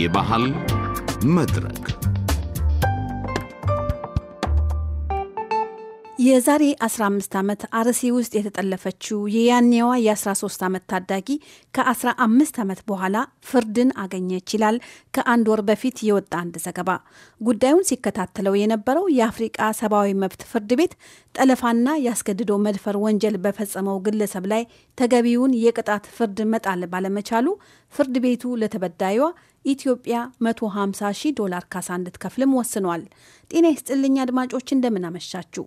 የባህል መድረክ የዛሬ 15 ዓመት አርሲ ውስጥ የተጠለፈችው የያኔዋ የ13 ዓመት ታዳጊ ከ15 ዓመት በኋላ ፍርድን አገኘች ይላል ከአንድ ወር በፊት የወጣ አንድ ዘገባ። ጉዳዩን ሲከታተለው የነበረው የአፍሪቃ ሰብአዊ መብት ፍርድ ቤት ጠለፋና ያስገድዶ መድፈር ወንጀል በፈጸመው ግለሰብ ላይ ተገቢውን የቅጣት ፍርድ መጣል ባለመቻሉ ፍርድ ቤቱ ለተበዳዩዋ ኢትዮጵያ 150 ሺህ ዶላር ካሳ እንድትከፍልም ወስኗል። ጤና ይስጥልኝ አድማጮች፣ እንደምን አመሻችሁ።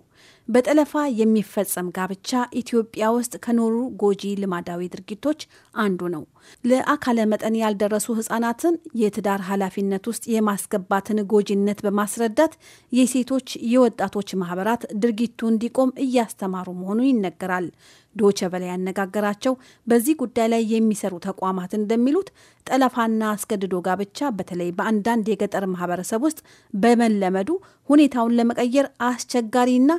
በጠለፋ የሚፈጸም ጋብቻ ኢትዮጵያ ውስጥ ከኖሩ ጎጂ ልማዳዊ ድርጊቶች አንዱ ነው። ለአካለ መጠን ያልደረሱ ህጻናትን የትዳር ኃላፊነት ውስጥ የማስገባትን ጎጂነት በማስረዳት የሴቶች የወጣቶች ማህበራት ድርጊቱ እንዲቆም እያስተማሩ መሆኑ ይነገራል። ዶቸ በላይ ያነጋገራቸው በዚህ ጉዳይ ላይ የሚሰሩ ተቋማት እንደሚሉት ጠለፋና አስገድዶ ጋብቻ በተለይ በአንዳንድ የገጠር ማህበረሰብ ውስጥ በመለመዱ ሁኔታውን ለመቀየር አስቸጋሪና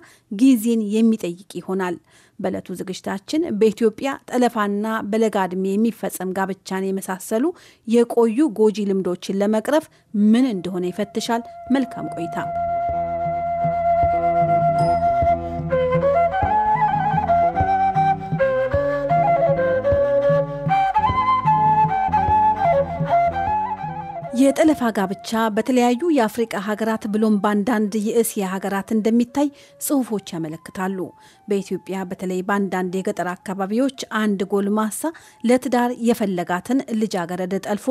ጊዜን የሚጠይቅ ይሆናል። በዕለቱ ዝግጅታችን በኢትዮጵያ ጠለፋና በለጋ ዕድሜ የሚፈጸም ጋብቻን የመሳሰሉ የቆዩ ጎጂ ልምዶችን ለመቅረፍ ምን እንደሆነ ይፈትሻል። መልካም ቆይታ። የጠለፋ ጋብቻ በተለያዩ የአፍሪቃ ሀገራት ብሎም በአንዳንድ የእስያ ሀገራት እንደሚታይ ጽሁፎች ያመለክታሉ። በኢትዮጵያ በተለይ በአንዳንድ የገጠር አካባቢዎች አንድ ጎልማሳ ለትዳር የፈለጋትን ልጃገረድ ጠልፎ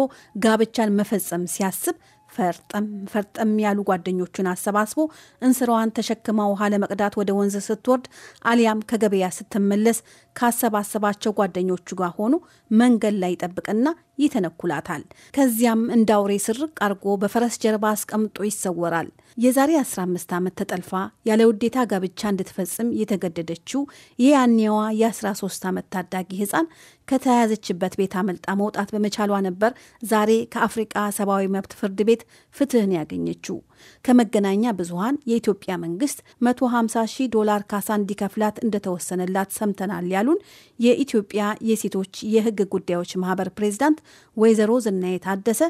ጋብቻን መፈጸም ሲያስብ ፈርጠም ፈርጠም ያሉ ጓደኞቹን አሰባስቦ እንስራዋን ተሸክማ ውሃ ለመቅዳት ወደ ወንዝ ስትወርድ አሊያም ከገበያ ስትመለስ ካሰባሰባቸው ጓደኞቹ ጋር ሆኖ መንገድ ላይ ይጠብቅና ይተነኩላታል። ከዚያም እንደ አውሬ ስርቅ አድርጎ በፈረስ ጀርባ አስቀምጦ ይሰወራል። የዛሬ 15 ዓመት ተጠልፋ ያለ ውዴታ ጋብቻ እንድትፈጽም የተገደደችው የያኔዋ የ13 ዓመት ታዳጊ ህፃን ከተያያዘችበት ቤት አመልጣ መውጣት በመቻሏ ነበር ዛሬ ከአፍሪቃ ሰብአዊ መብት ፍርድ ቤት ፍትህን ያገኘችው። ከመገናኛ ብዙሃን የኢትዮጵያ መንግስት 150 ሺህ ዶላር ካሳ እንዲከፍላት እንደተወሰነላት ሰምተናል ያሉን የኢትዮጵያ የሴቶች የህግ ጉዳዮች ማህበር ፕሬዝዳንት ወይዘሮ ዝናዬ ታደሰ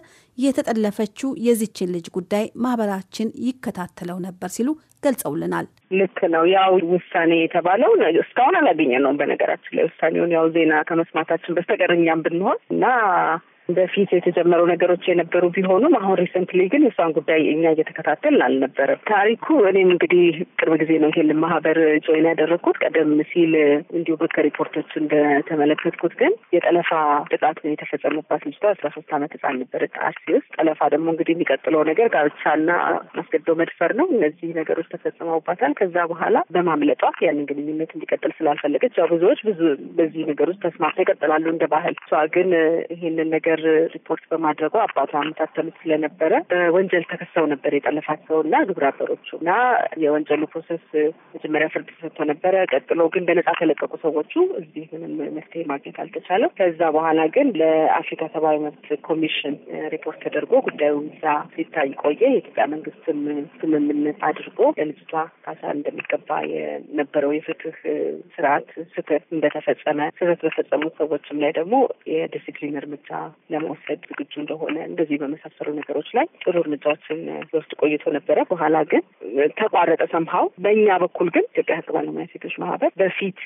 የተጠለፈችው የዚችን ልጅ ጉዳይ ማህበራችን ይከታተለው ነበር ሲሉ ገልጸውልናል። ልክ ነው። ያው ውሳኔ የተባለው እስካሁን አላገኘ ነው። በነገራችን ላይ ውሳኔውን ያው ዜና ከመስማታችን በስተቀር እኛም ብንሆን እና በፊት የተጀመሩ ነገሮች የነበሩ ቢሆኑም አሁን ሪሰንትሊ ግን የእሷን ጉዳይ እኛ እየተከታተል አልነበረም። ታሪኩ እኔም እንግዲህ ቅርብ ጊዜ ነው ይሄን ማህበር ጆይን ያደረግኩት። ቀደም ሲል እንዲሁ ከሪፖርቶች እንደተመለከትኩት ግን የጠለፋ ጥቃት ነው የተፈጸመባት ልጅቷ አስራ ሶስት አመት ህጻን ነበር አርሲ ውስጥ። ጠለፋ ደግሞ እንግዲህ የሚቀጥለው ነገር ጋብቻና አስገድዶ መድፈር ነው። እነዚህ ነገሮች ተፈጽመውባታል። ከዛ በኋላ በማምለጧ ያንን ግንኙነት እንዲቀጥል ስላልፈለገች ያው ብዙዎች ብዙ በዚህ ነገሮች ተስማምተው ይቀጥላሉ እንደ ባህል። እሷ ግን ይሄንን ነገር ነገር ሪፖርት በማድረጉ አባቷ የምታተሉት ስለነበረ በወንጀል ተከሰው ነበር የጠለፋቸው ሰው እና ግብረ አበሮቹ እና የወንጀሉ ፕሮሰስ መጀመሪያ ፍርድ ተሰጥቶ ነበረ። ቀጥሎ ግን በነጻ ተለቀቁ ሰዎቹ። እዚህ ምንም መፍትሄ ማግኘት አልተቻለም። ከዛ በኋላ ግን ለአፍሪካ ሰብአዊ መብት ኮሚሽን ሪፖርት ተደርጎ ጉዳዩ እዛ ሲታይ ቆየ። የኢትዮጵያ መንግስትም ስምምነት አድርጎ ለልጅቷ ካሳ እንደሚገባ የነበረው የፍትህ ስርዓት ስህተት እንደተፈጸመ ስህተት በፈጸሙት ሰዎችም ላይ ደግሞ የዲሲፕሊን እርምጃ ለመውሰድ ዝግጁ እንደሆነ እንደዚህ በመሳሰሉ ነገሮች ላይ ጥሩ እርምጃዎችን ወስድ ቆይቶ ነበረ። በኋላ ግን ተቋረጠ ሰምሀው። በእኛ በኩል ግን ኢትዮጵያ ሕግ ባለሙያ ሴቶች ማህበር በፊት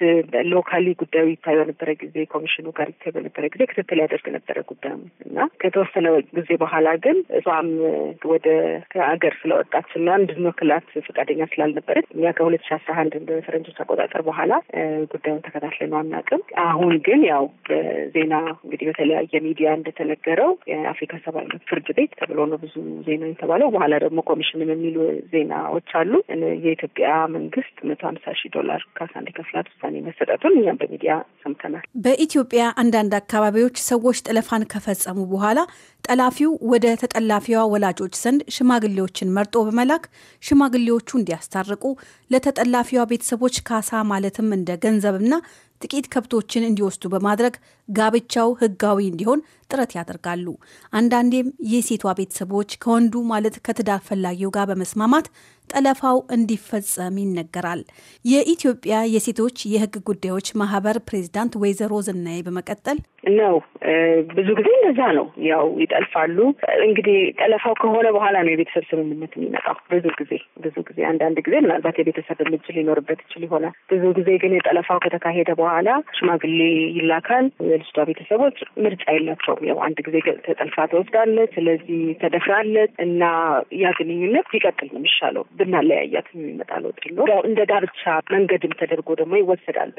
ሎካሊ ጉዳዩ ይታይ በነበረ ጊዜ ኮሚሽኑ ጋር ይታይ በነበረ ጊዜ ክትትል ያደርግ ነበረ ጉዳዩ እና ከተወሰነ ጊዜ በኋላ ግን እሷም ወደ ሀገር ስለወጣችና እንድንወክላት ፈቃደኛ ስላልነበረች እኛ ከሁለት ሺ አስራ አንድ በፈረንጆች አቆጣጠር በኋላ ጉዳዩን ተከታትለን አናውቅም። አሁን ግን ያው በዜና እንግዲህ በተለያየ ሚዲያ እንደተነገረው የአፍሪካ ሰብአዊ መብት ፍርድ ቤት ተብሎ ነው ብዙ ዜና የተባለው። በኋላ ደግሞ ኮሚሽንን የሚሉ ዜናዎች አሉ። የኢትዮጵያ መንግስት መቶ ሀምሳ ሺህ ዶላር ካሳ እንዲከፍላት ውሳኔ መሰጠቱን እኛም በሚዲያ ሰምተናል። በኢትዮጵያ አንዳንድ አካባቢዎች ሰዎች ጠለፋን ከፈጸሙ በኋላ ጠላፊው ወደ ተጠላፊዋ ወላጆች ዘንድ ሽማግሌዎችን መርጦ በመላክ ሽማግሌዎቹ እንዲያስታርቁ ለተጠላፊዋ ቤተሰቦች ካሳ ማለትም እንደ ገንዘብና ጥቂት ከብቶችን እንዲወስዱ በማድረግ ጋብቻው ህጋዊ እንዲሆን ጥረት ያደርጋሉ። አንዳንዴም የሴቷ ቤተሰቦች ከወንዱ ማለት ከትዳር ፈላጊው ጋር በመስማማት ጠለፋው እንዲፈጸም ይነገራል። የኢትዮጵያ የሴቶች የህግ ጉዳዮች ማህበር ፕሬዚዳንት ወይዘሮ ዝናይ በመቀጠል ነው ብዙ ጊዜ እንደዛ ነው። ያው ይጠልፋሉ። እንግዲህ ጠለፋው ከሆነ በኋላ ነው የቤተሰብ ስምምነት የሚመጣው። ብዙ ጊዜ ብዙ ጊዜ አንዳንድ ጊዜ ምናልባት የቤተሰብ እርምጃ ሊኖርበት ይችል ይሆናል። ብዙ ጊዜ ግን የጠለፋው ከተካሄደ በኋላ ሽማግሌ ይላካል። የልጅቷ ቤተሰቦች ምርጫ የላቸውም። ያው አንድ ጊዜ ተጠልፋ ተወስዳለች፣ ስለዚህ ተደፍራለች እና ያ ግንኙነት ቢቀጥል ነው የሚሻለው። ብናለያያት የሚመጣ ለውጥ የለውም። ያው እንደ ጋብቻ መንገድም ተደርጎ ደግሞ ይወሰዳል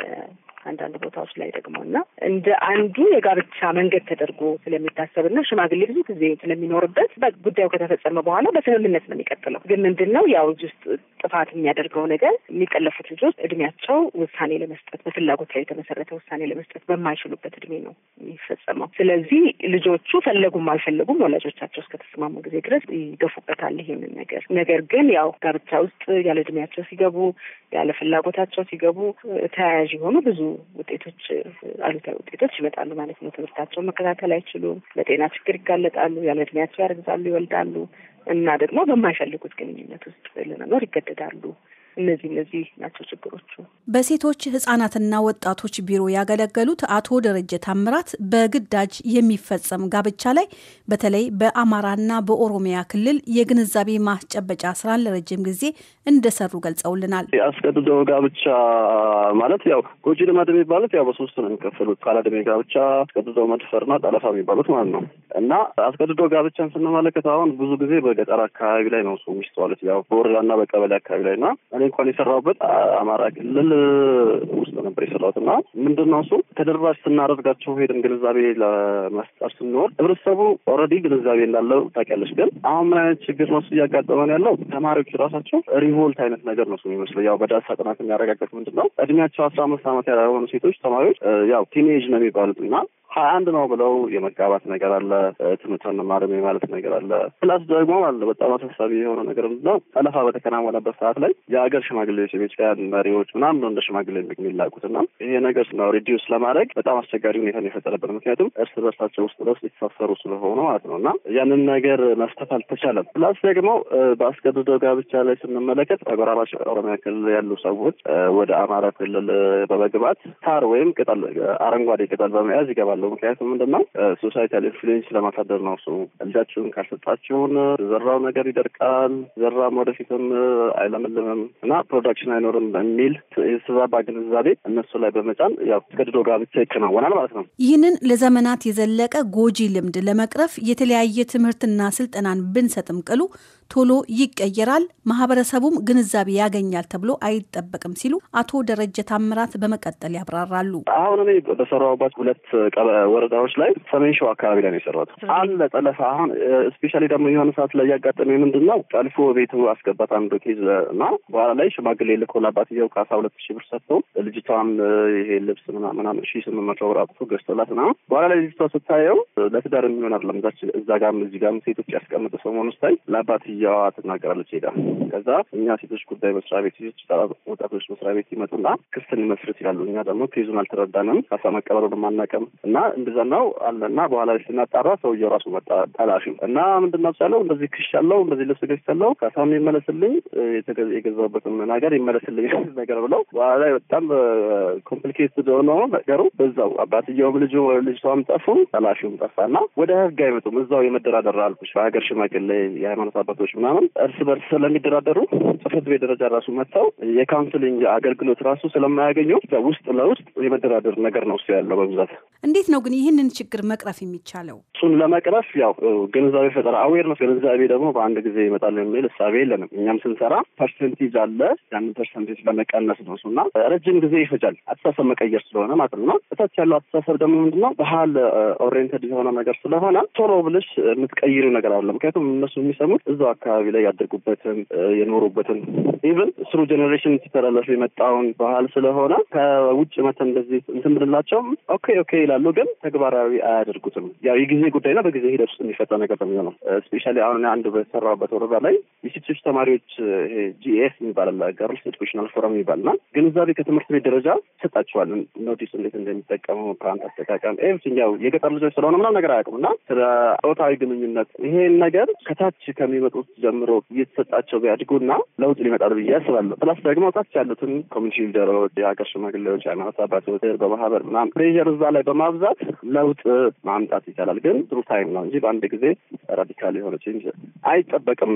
አንዳንድ ቦታዎች ላይ ደግሞ እና እንደ አንዱ የጋብቻ መንገድ ተደርጎ ስለሚታሰብና ሽማግሌ ብዙ ጊዜ ስለሚኖርበት ጉዳዩ ከተፈጸመ በኋላ በስምምነት ነው የሚቀጥለው። ግን ምንድን ነው ያው እዚህ ውስጥ ጥፋት የሚያደርገው ነገር የሚጠለፉት ልጆች እድሜያቸው ውሳኔ ለመስጠት በፍላጎት ላይ የተመሰረተ ውሳኔ ለመስጠት በማይችሉበት እድሜ ነው የሚፈጸመው። ስለዚህ ልጆቹ ፈለጉም አልፈለጉም ወላጆቻቸው እስከተስማሙ ጊዜ ድረስ ይገፉበታል ይህንን ነገር። ነገር ግን ያው ጋብቻ ውስጥ ያለ እድሜያቸው ሲገቡ፣ ያለ ፍላጎታቸው ሲገቡ ተያያዥ የሆኑ ብዙ ውጤቶች፣ አሉታዊ ውጤቶች ይመጣሉ ማለት ነው። ትምህርታቸውን መከታተል አይችሉም። ለጤና ችግር ይጋለጣሉ። ያለ እድሜያቸው ያረግዛሉ፣ ይወልዳሉ እና ደግሞ በማይፈልጉት ግንኙነት ውስጥ ለመኖር ይገደዳሉ። እነዚህ እነዚህ ናቸው ችግሮቹ። በሴቶች ህጻናትና ወጣቶች ቢሮ ያገለገሉት አቶ ደረጀ ታምራት በግዳጅ የሚፈጸም ጋብቻ ላይ በተለይ በአማራና በኦሮሚያ ክልል የግንዛቤ ማስጨበጫ ስራን ለረጅም ጊዜ እንደሰሩ ገልጸውልናል። አስገድዶ ጋብቻ ማለት ያው ጎጂ ልማድ የሚባሉት ያው በሶስት ነው የሚከፈሉት። ካላድሜ ጋብቻ፣ አስገድዶ መድፈርና ጠለፋ የሚባሉት ማለት ነው እና አስገድዶ ጋብቻን ስንመለከት አሁን ብዙ ጊዜ በገጠር አካባቢ ላይ ነው እሱ የሚስተዋሉት ያው በወረዳና በቀበሌ አካባቢ ላይ እና እኔ እንኳን የሰራሁበት አማራ ክልል ውስጥ ነበር የሰራሁት እና ምንድን ነው እሱ ተደራሽ ስናደርጋቸው ሄደን ግንዛቤ ለመስጠር ስንወር ህብረተሰቡ ኦልሬዲ ግንዛቤ እንዳለው ታውቂያለሽ። ግን አሁን ምን አይነት ችግር ነው እሱ እያጋጠመን ያለው ተማሪዎቹ ራሳቸው ሪቮልት አይነት ነገር ነው እሱ የሚመስለው። ያው በዳሳ ጥናት የሚያረጋገጥ ምንድን ነው እድሜያቸው አስራ አምስት ዓመት ያልሆኑ ሴቶች ተማሪዎች ያው ቲኔጅ ነው የሚባሉት እና ሀያ አንድ ነው ብለው የመጋባት ነገር አለ። ትምህርትን መማርም የማለት ነገር አለ። ፕላስ ደግሞ አለ በጣም አሳሳቢ የሆነ ነገር እዛው ጠለፋ በተከናወነበት ሰዓት ላይ የሀገር ሽማግሌዎች፣ የቤጭቃያን መሪዎች ምናምን ነው እንደ ሽማግሌ የሚላኩት እና ይሄ ነገር ነው ሪዲዩስ ለማድረግ በጣም አስቸጋሪ ሁኔታ ነው የፈጠረበት ምክንያቱም እርስ በርሳቸው ውስጥ ለውስጥ የተሳሰሩ ስለሆነ ማለት ነው እና ያንን ነገር መፍታት አልተቻለም። ፕላስ ደግሞ በአስገድዶ ጋብቻ ላይ ስንመለከት አጎራባች ኦሮሚያ ክልል ያሉ ሰዎች ወደ አማራ ክልል በመግባት ሳር ወይም ቅጠል አረንጓዴ ቅጠል በመያዝ ይገባል አለው። ምክንያቱም ምንድነው ሶሳይታል ኢንፍሉዌንስ ለማሳደር ነው። እሱ ልጃችሁን ካልሰጣችሁን ዘራው ነገር ይደርቃል፣ ዘራም ወደፊትም አይለመልምም እና ፕሮዳክሽን አይኖርም በሚል የተዛባ ግንዛቤ እነሱ ላይ በመጫን ያው ተገድዶ ጋብቻ ይከናወናል ማለት ነው። ይህንን ለዘመናት የዘለቀ ጎጂ ልምድ ለመቅረፍ የተለያየ ትምህርትና ስልጠናን ብንሰጥም ቅሉ ቶሎ ይቀየራል፣ ማህበረሰቡም ግንዛቤ ያገኛል ተብሎ አይጠበቅም ሲሉ አቶ ደረጀ ታምራት በመቀጠል ያብራራሉ። አሁን እኔ በሰራሁባት ሁለት ወረዳዎች ላይ ሰሜን ሸዋ አካባቢ ላይ ነው የሰራሁት አለ ጠለፋ። አሁን ስፔሻሊ ደግሞ የሆነ ሰዓት ላይ ያጋጠመ ምንድን ነው ጠልፎ ቤቱ አስገባት አንዱ ኬዝ እና በኋላ ላይ ሽማግሌ ልኮላባት ይኸው ከአስራ ሁለት ሺህ ብር ሰጥቶ ልጅቷን ይሄ ልብስ ምናምን ሺህ ስምንት መቶ ብር አውጥቶ ገዝቶላት ና በኋላ ላይ ልጅቷ ስታየው ለትዳር የሚሆን አይደለም እዛ ጋም እዚህ ጋም ሴቶች ያስቀምጥ ሰሞኑ ስታይ ለአባት እያዋ ትናገራለች ሄዳ። ከዛ እኛ ሴቶች ጉዳይ መስሪያ ቤት ሴቶች ወጣቶች መስሪያ ቤት ይመጡና ክስትን መስርት ይላሉ። እኛ ደግሞ ኬዙን አልተረዳንም፣ ካሳ መቀበሩንም አናውቅም እና እንደዛ ነው አለ እና በኋላ ስናጣራ ሰውየው ራሱ መጣ ጠላፊው እና ምንድን ነው ያለው እንደዚህ ክሽ ያለው እንደዚህ ልብስ ያለው ካሳም ይመለስልኝ፣ የገዛሁበትም ነገር ይመለስልኝ ነገር ብለው በኋላ በጣም ኮምፕሊኬትድ ሆኖ ነገሩ። በዛው አባትየውም ልጁ ልጅቷም ጠፉ፣ ጠላፊውም ጠፋ እና ወደ ህግ አይመጡም። እዛው የመደራደር አልኩሽ ሀገር ሽማግሌ የሃይማኖት አባቶች ሴቶች ምናምን እርስ በርስ ስለሚደራደሩ ጽህፈት ቤት ደረጃ ራሱ መጥተው የካውንስሊንግ አገልግሎት ራሱ ስለማያገኙ ውስጥ ለውስጥ የመደራደር ነገር ነው እሱ ያለው በብዛት። እንዴት ነው ግን ይህንን ችግር መቅረፍ የሚቻለው? እሱን ለመቅረፍ ያው ግንዛቤ ፈጠራ አዌርነስ ግንዛቤ ደግሞ በአንድ ጊዜ ይመጣል የሚል እሳቤ የለንም። እኛም ስንሰራ ፐርሰንቲጅ አለ። ያንን ፐርሰንቴጅ ለመቀነስ ነው እሱና ረጅም ጊዜ ይፈጃል። አስተሳሰብ መቀየር ስለሆነ ማለት ነው። እታች ያለው አስተሳሰብ ደግሞ ምንድነው ባህል ኦሪየንተድ የሆነ ነገር ስለሆነ ቶሎ ብለሽ የምትቀይሩ ነገር አለ። ምክንያቱም እነሱ የሚሰሙት እዛው አካባቢ ላይ ያደርጉበትን የኖሩበትን ኢቨን ስሩ ጀኔሬሽን ሲተላለፍ የመጣውን ባህል ስለሆነ ከውጭ መተን እንደዚህ እንትን ብንላቸውም ኦኬ ኦኬ ይላሉ፣ ግን ተግባራዊ አያደርጉትም። ያው የጊዜ ጉዳይ ነው። በጊዜ ሂደት ውስጥ የሚፈታ ነገር ነው የሚሆነው። አሁን አንድ በሰራበት ወረዳ ላይ የሴቶች ተማሪዎች ጂኤፍ የሚባላል ገርልስ ኤዱኬሽናል ፎረም ይባልና ግንዛቤ ከትምህርት ቤት ደረጃ ሰጣቸዋል። ኖቲስ እንዴት እንደሚጠቀሙ ፕራንት አጠቃቀም ኤቭሪቲኛው የገጠር ልጆች ስለሆነ ምናም ነገር አያውቅም እና ስለ ጾታዊ ግንኙነት ይሄን ነገር ከታች ከሚመጡት ጀምሮ እየተሰጣቸው ቢያድጉ ቢያድጉና ለውጥ ሊመጣል ብዬ አስባለሁ። ፕላስ ደግሞ ታች ያሉትን ኮሚኒቲ ሊደሮች፣ የሀገር ሽማግሌዎች፣ ሃይማኖት አባቶች በማህበር ምናም ፕሬር እዛ ላይ በማብዛት ለውጥ ማምጣት ይቻላል ግን ግን ጥሩ ታይም ነው እንጂ በአንድ ጊዜ ራዲካል የሆነ ቼንጅ አይጠበቅም።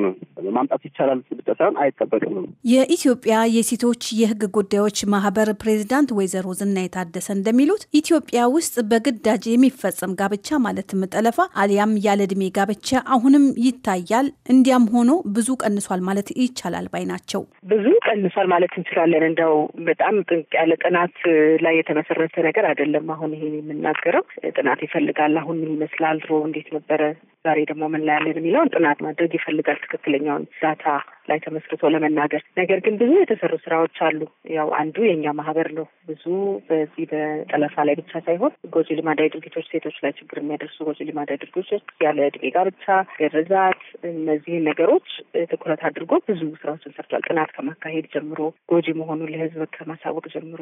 ማምጣት ይቻላል ብቻ ሳይሆን አይጠበቅም። የኢትዮጵያ የሴቶች የህግ ጉዳዮች ማህበር ፕሬዚዳንት ወይዘሮ ዝና የታደሰ እንደሚሉት ኢትዮጵያ ውስጥ በግዳጅ የሚፈጸም ጋብቻ ማለትም ጠለፋ አሊያም ያለ እድሜ ጋብቻ አሁንም ይታያል። እንዲያም ሆኖ ብዙ ቀንሷል ማለት ይቻላል ባይ ናቸው። ብዙ ቀንሷል ማለት እንችላለን። እንደው በጣም ጥንቅ ያለ ጥናት ላይ የተመሰረተ ነገር አይደለም። አሁን ይሄ የምናገረው ጥናት ይፈልጋል። አሁን ይመስላል ድሮ እንዴት ነበረ ዛሬ ደግሞ ምን ላይ ያለን የሚለውን ጥናት ማድረግ ይፈልጋል። ትክክለኛውን ዳታ ላይ ተመስርቶ ለመናገር ነገር ግን ብዙ የተሰሩ ስራዎች አሉ። ያው አንዱ የእኛ ማህበር ነው። ብዙ በዚህ በጠለፋ ላይ ብቻ ሳይሆን ጎጂ ልማዳዊ ድርጊቶች፣ ሴቶች ላይ ችግር የሚያደርሱ ጎጂ ልማዳዊ ድርጊቶች፣ ያለ እድሜ ጋብቻ፣ ግርዛት፣ እነዚህን ነገሮች ትኩረት አድርጎ ብዙ ስራዎችን ሰርቷል። ጥናት ከማካሄድ ጀምሮ ጎጂ መሆኑን ለህዝብ ከማሳወቅ ጀምሮ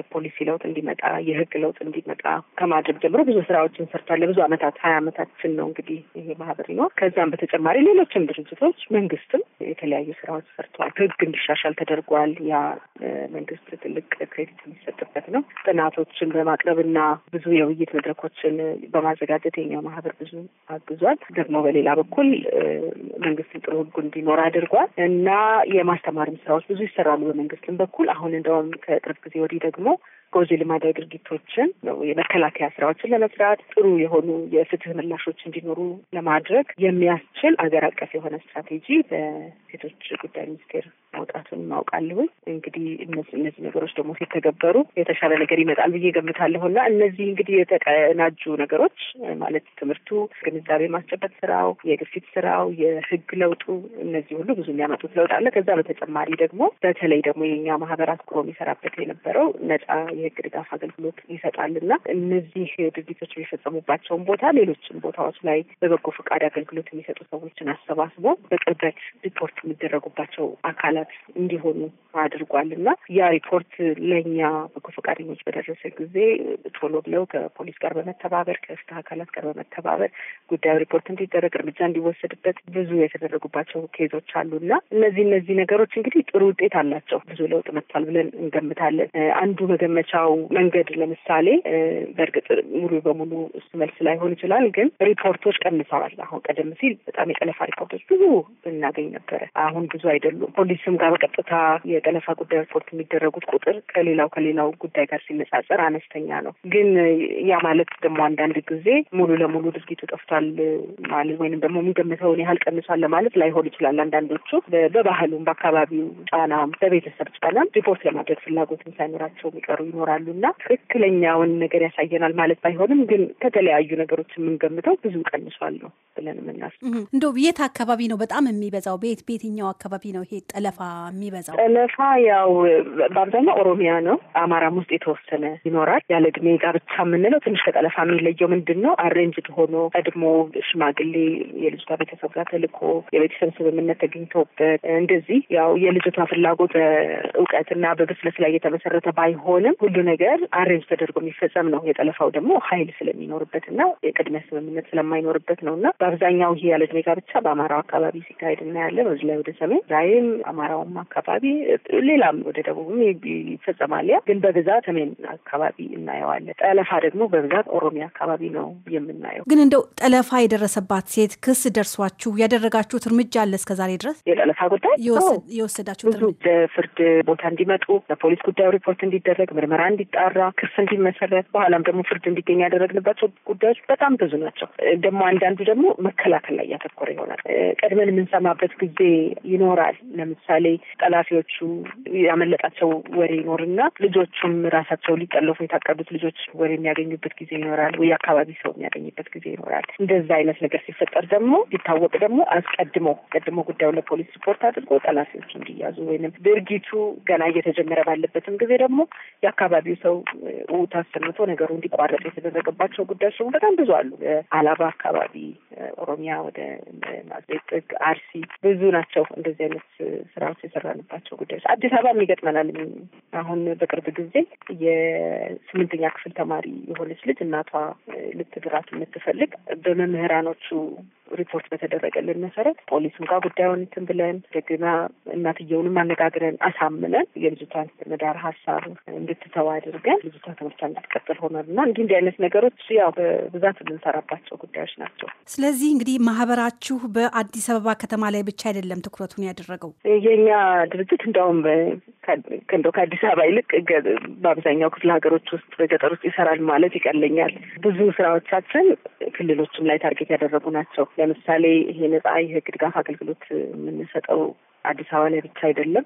የፖሊሲ ለውጥ እንዲመጣ የህግ ለውጥ እንዲመጣ ከማድረግ ጀምሮ ብዙ ስራዎችን ሰርቷል ለብዙ ዓመታት ሀያ አመታችን ነው እንግዲህ ይሄ ማህበር ይኖር። ከዚያም በተጨማሪ ሌሎችም ድርጅቶች መንግስትም የተለያዩ ስራዎች ሰርተዋል። ህግ እንዲሻሻል ተደርጓል። ያ መንግስት ትልቅ ክሬዲት የሚሰጥበት ነው። ጥናቶችን በማቅረብና ብዙ የውይይት መድረኮችን በማዘጋጀት የኛው ማህበር ብዙ አግዟል። ደግሞ በሌላ በኩል መንግስትን ጥሩ ህጉ እንዲኖር አድርጓል እና የማስተማርም ስራዎች ብዙ ይሰራሉ በመንግስትም በኩል አሁን እንደውም ከቅርብ ጊዜ ወዲህ ደግሞ ጎጂ ልማዳዊ ድርጊቶችን የመከላከያ ስራዎችን ለመስራት ጥሩ የሆኑ የፍትህ ምላሾች እንዲኖሩ ለማድረግ የሚያስችል አገር አቀፍ የሆነ ስትራቴጂ በሴቶች ጉዳይ ሚኒስቴር መውጣቱን እናውቃለሁኝ። እንግዲህ እነዚህ እነዚህ ነገሮች ደግሞ ሲተገበሩ የተሻለ ነገር ይመጣል ብዬ ገምታለሁ እና እነዚህ እንግዲህ የተቀናጁ ነገሮች ማለት ትምህርቱ፣ ግንዛቤ ማስጨበጥ ስራው፣ የግፊት ስራው፣ የህግ ለውጡ እነዚህ ሁሉ ብዙ የሚያመጡት ለውጥ አለ። ከዛ በተጨማሪ ደግሞ በተለይ ደግሞ የኛ ማህበራት አትኩሮ የሚሰራበት የነበረው ነጻ የህግ ድጋፍ አገልግሎት ይሰጣል እና እነዚህ ድርጊቶች የሚፈጸሙባቸውን ቦታ ሌሎችም ቦታዎች ላይ በበጎ ፈቃድ አገልግሎት የሚሰጡ ሰዎችን አሰባስቦ በቅርበት ሪፖርት የሚደረጉባቸው አካላት እንዲሆኑ አድርጓል እና ያ ሪፖርት ለእኛ በጎ ፈቃደኞች በደረሰ ጊዜ ቶሎ ብለው ከፖሊስ ጋር በመተባበር ከፍትህ አካላት ጋር በመተባበር ጉዳዩ ሪፖርት እንዲደረግ እርምጃ እንዲወሰድበት ብዙ የተደረጉባቸው ኬዞች እና እነዚህ እነዚህ ነገሮች እንግዲህ ጥሩ ውጤት አላቸው። ብዙ ለውጥ መጥቷል ብለን እንገምታለን። አንዱ መገመቻው መንገድ ለምሳሌ በእርግጥ ሙሉ በሙሉ እሱ መልስ ላይሆን ይችላል። ግን ሪፖርቶች ቀንሰዋል። አሁን ቀደም ሲል በጣም የጠለፋ ሪፖርቶች ብዙ እናገኝ ነበረ። አሁን ብዙ አይደሉም። ፖሊስም ጋር በቀጥታ የጠለፋ ጉዳይ ሪፖርት የሚደረጉት ቁጥር ከሌላው ከሌላው ጉዳይ ጋር ሲነጻጸር አነስተኛ ነው። ግን ያ ማለት ደግሞ አንዳንድ ጊዜ ሙሉ ለሙሉ ድርጊቱ ጠፍቷል ማለት ወይም ደግሞ የሚገምተውን ያህል ቀንሷል ለማለት ላይሆን ይችላል። አንዳንዶቹ በባህሉም በአካባቢው ጫናም በቤተሰብ ጫናም ሪፖርት ለማድረግ ፍላጎትን ሳይኖራቸው የሚቀሩ ይኖራሉ እና ትክክለኛውን ነገር ያሳየናል ማለት ባይሆንም ግን ከተለያዩ ነገሮች የምንገምተው ብዙ ቀንሷል ብለን የምናስ እንደው የት አካባቢ ነው በጣም የሚበዛው? ቤት ቤትኛው አካባቢ ነው ይሄ ጠለፋ የሚበዛው? ጠለፋ ያው በአብዛኛው ኦሮሚያ ነው። አማራም ውስጥ የተወሰነ ይኖራል። ያለ እድሜ ጋብቻ የምንለው ትንሽ ከጠለፋ የሚለየው ምንድን ነው? አሬንጅድ ሆኖ ቀድሞ ሽማግሌ የልጅቷ ቤተሰብ ጋር ተልኮ የቤተሰብ ስምምነት ተገኝተውበት እንደዚህ ያው የልጅቷ ፍላጎት በእውቀትና በብስለት ላይ የተመሰረተ ባይሆንም ሁሉ ነገር አሬንጅ ተደርጎ የሚፈጸም ነው። የጠለፋው ደግሞ ኃይል ስለሚኖርበትና ቅድመ ስምምነት ስለማይኖርበት ነው እና በአብዛኛው ይሄ ያለ ዕድሜ ጋብቻ በአማራው አካባቢ ሲካሄድ እናያለን። በዚህ ላይ ወደ ሰሜን ራይም አማራውም አካባቢ ሌላም ወደ ደቡብም ይፈጸማል። ያ ግን በብዛት ሰሜን አካባቢ እናየዋለን። ጠለፋ ደግሞ በብዛት ኦሮሚያ አካባቢ ነው የምናየው። ግን እንደው ጠለፋ የደረሰባት ሴት ክስ ደርሷችሁ ያደረጋችሁት እርምጃ አለ እስከዛሬ ድረስ የጠለፋ ጉዳይ የወሰዳችሁ ብዙ ፍርድ ቦታ እንዲመጡ ለፖሊስ ጉዳዩ ሪፖርት እንዲደረግ ምርመራ እንዲጣራ ክስ እንዲመሰረት በኋላም ደግሞ ፍርድ እንዲገኝ ያደረግንባቸው ጉዳዮች በጣም በጣም ብዙ ናቸው። ደግሞ አንዳንዱ ደግሞ መከላከል ላይ እያተኮረ ይሆናል። ቀድመን የምንሰማበት ጊዜ ይኖራል። ለምሳሌ ጠላፊዎቹ ያመለጣቸው ወሬ ይኖርና ልጆቹም ራሳቸው ሊጠለፉ የታቀዱት ልጆች ወሬ የሚያገኙበት ጊዜ ይኖራል፣ ወይ አካባቢ ሰው የሚያገኝበት ጊዜ ይኖራል። እንደዛ አይነት ነገር ሲፈጠር ደግሞ ሲታወቅ ደግሞ አስቀድሞ ቀድሞ ጉዳዩ ለፖሊስ ሪፖርት አድርጎ ጠላፊዎቹ እንዲያዙ ወይም ድርጊቱ ገና እየተጀመረ ባለበትም ጊዜ ደግሞ የአካባቢው ሰው ታሰምቶ ነገሩ እንዲቋረጥ የተደረገባቸው ጉዳዮች ደግሞ በጣም ብዙ አሉ። አላባ አካባቢ፣ ኦሮሚያ ወደ ማዘይት ጥግ፣ አርሲ ብዙ ናቸው። እንደዚህ አይነት ስራዎች የሰራንባቸው ጉዳዮች አዲስ አበባ የሚገጥመናል። አሁን በቅርብ ጊዜ የስምንተኛ ክፍል ተማሪ የሆነች ልጅ እናቷ ልትድራት የምትፈልግ በመምህራኖቹ ሪፖርት በተደረገልን መሰረት ፖሊሱን ጋር ጉዳዩን እንትን ብለን ደግና እናትየውንም አነጋግረን አሳምነን የልጅቷን መዳር ሀሳብ እንድትተው አድርገን ልጅቷ ትምህርቷ እንድትቀጥል ሆናል እና እንዲህ እንዲህ አይነት ነገሮች ያው በብዛት የምንሰራባቸው ጉዳዮች ናቸው። ስለዚህ እንግዲህ ማህበራችሁ በአዲስ አበባ ከተማ ላይ ብቻ አይደለም ትኩረቱን ያደረገው የእኛ ድርጅት እንደውም ከእንደ ከአዲስ አበባ ይልቅ በአብዛኛው ክፍለ ሀገሮች ውስጥ በገጠር ውስጥ ይሰራል ማለት ይቀለኛል። ብዙ ስራዎቻችን ክልሎችም ላይ ታርጌት ያደረጉ ናቸው። ለምሳሌ ይሄ ነጻ የህግ ድጋፍ አገልግሎት የምንሰጠው አዲስ አበባ ላይ ብቻ አይደለም።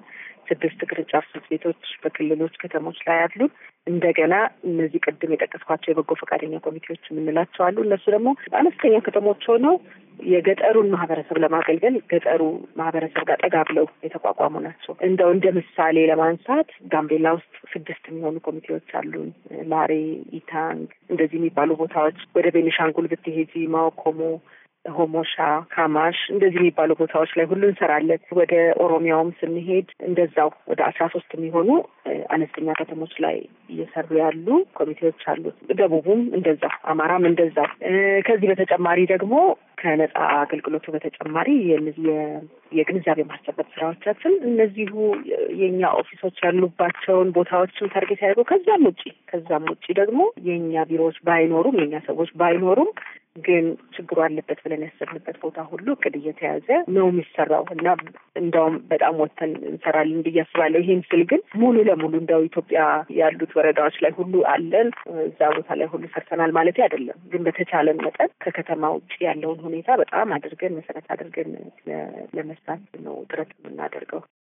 ስድስት ቅርንጫፍ ጽሕፈት ቤቶች በክልሎች ከተሞች ላይ አሉ። እንደገና እነዚህ ቅድም የጠቀስኳቸው የበጎ ፈቃደኛ ኮሚቴዎች የምንላቸው አሉ። እነሱ ደግሞ አነስተኛ ከተሞች ሆነው የገጠሩን ማህበረሰብ ለማገልገል ገጠሩ ማህበረሰብ ጋር ጠጋ ብለው የተቋቋሙ ናቸው። እንደው እንደ ምሳሌ ለማንሳት ጋምቤላ ውስጥ ስድስት የሚሆኑ ኮሚቴዎች አሉን። ላሬ፣ ኢታንግ እንደዚህ የሚባሉ ቦታዎች ወደ ቤኒሻንጉል ብትሄጂ ማወኮሞ ሆሞሻ፣ ካማሽ እንደዚህ የሚባሉ ቦታዎች ላይ ሁሉ እንሰራለን። ወደ ኦሮሚያውም ስንሄድ እንደዛው ወደ አስራ ሶስት የሚሆኑ አነስተኛ ከተሞች ላይ እየሰሩ ያሉ ኮሚቴዎች አሉ። ደቡቡም እንደዛ፣ አማራም እንደዛው ከዚህ በተጨማሪ ደግሞ ከነጻ አገልግሎቱ በተጨማሪ የግንዛቤ ማስጨበጥ ስራዎቻችን እነዚሁ የእኛ ኦፊሶች ያሉባቸውን ቦታዎችን ታርጌት ያደርገው ከዛም ውጭ ከዛም ውጭ ደግሞ የእኛ ቢሮዎች ባይኖሩም የእኛ ሰዎች ባይኖሩም ግን ችግሩ አለበት ብለን ያሰብንበት ቦታ ሁሉ እቅድ እየተያዘ ነው የሚሰራው እና እንዳውም በጣም ወጥተን እንሰራለን ብዬ አስባለሁ። ይህን ስል ግን ሙሉ ለሙሉ እንዳው ኢትዮጵያ ያሉት ወረዳዎች ላይ ሁሉ አለን እዛ ቦታ ላይ ሁሉ ሰርተናል ማለት አይደለም። ግን በተቻለን መጠን ከከተማ ውጭ ያለውን ሁኔታ በጣም አድርገን መሰረት አድርገን ለመስራት ነው ጥረት የምናደርገው።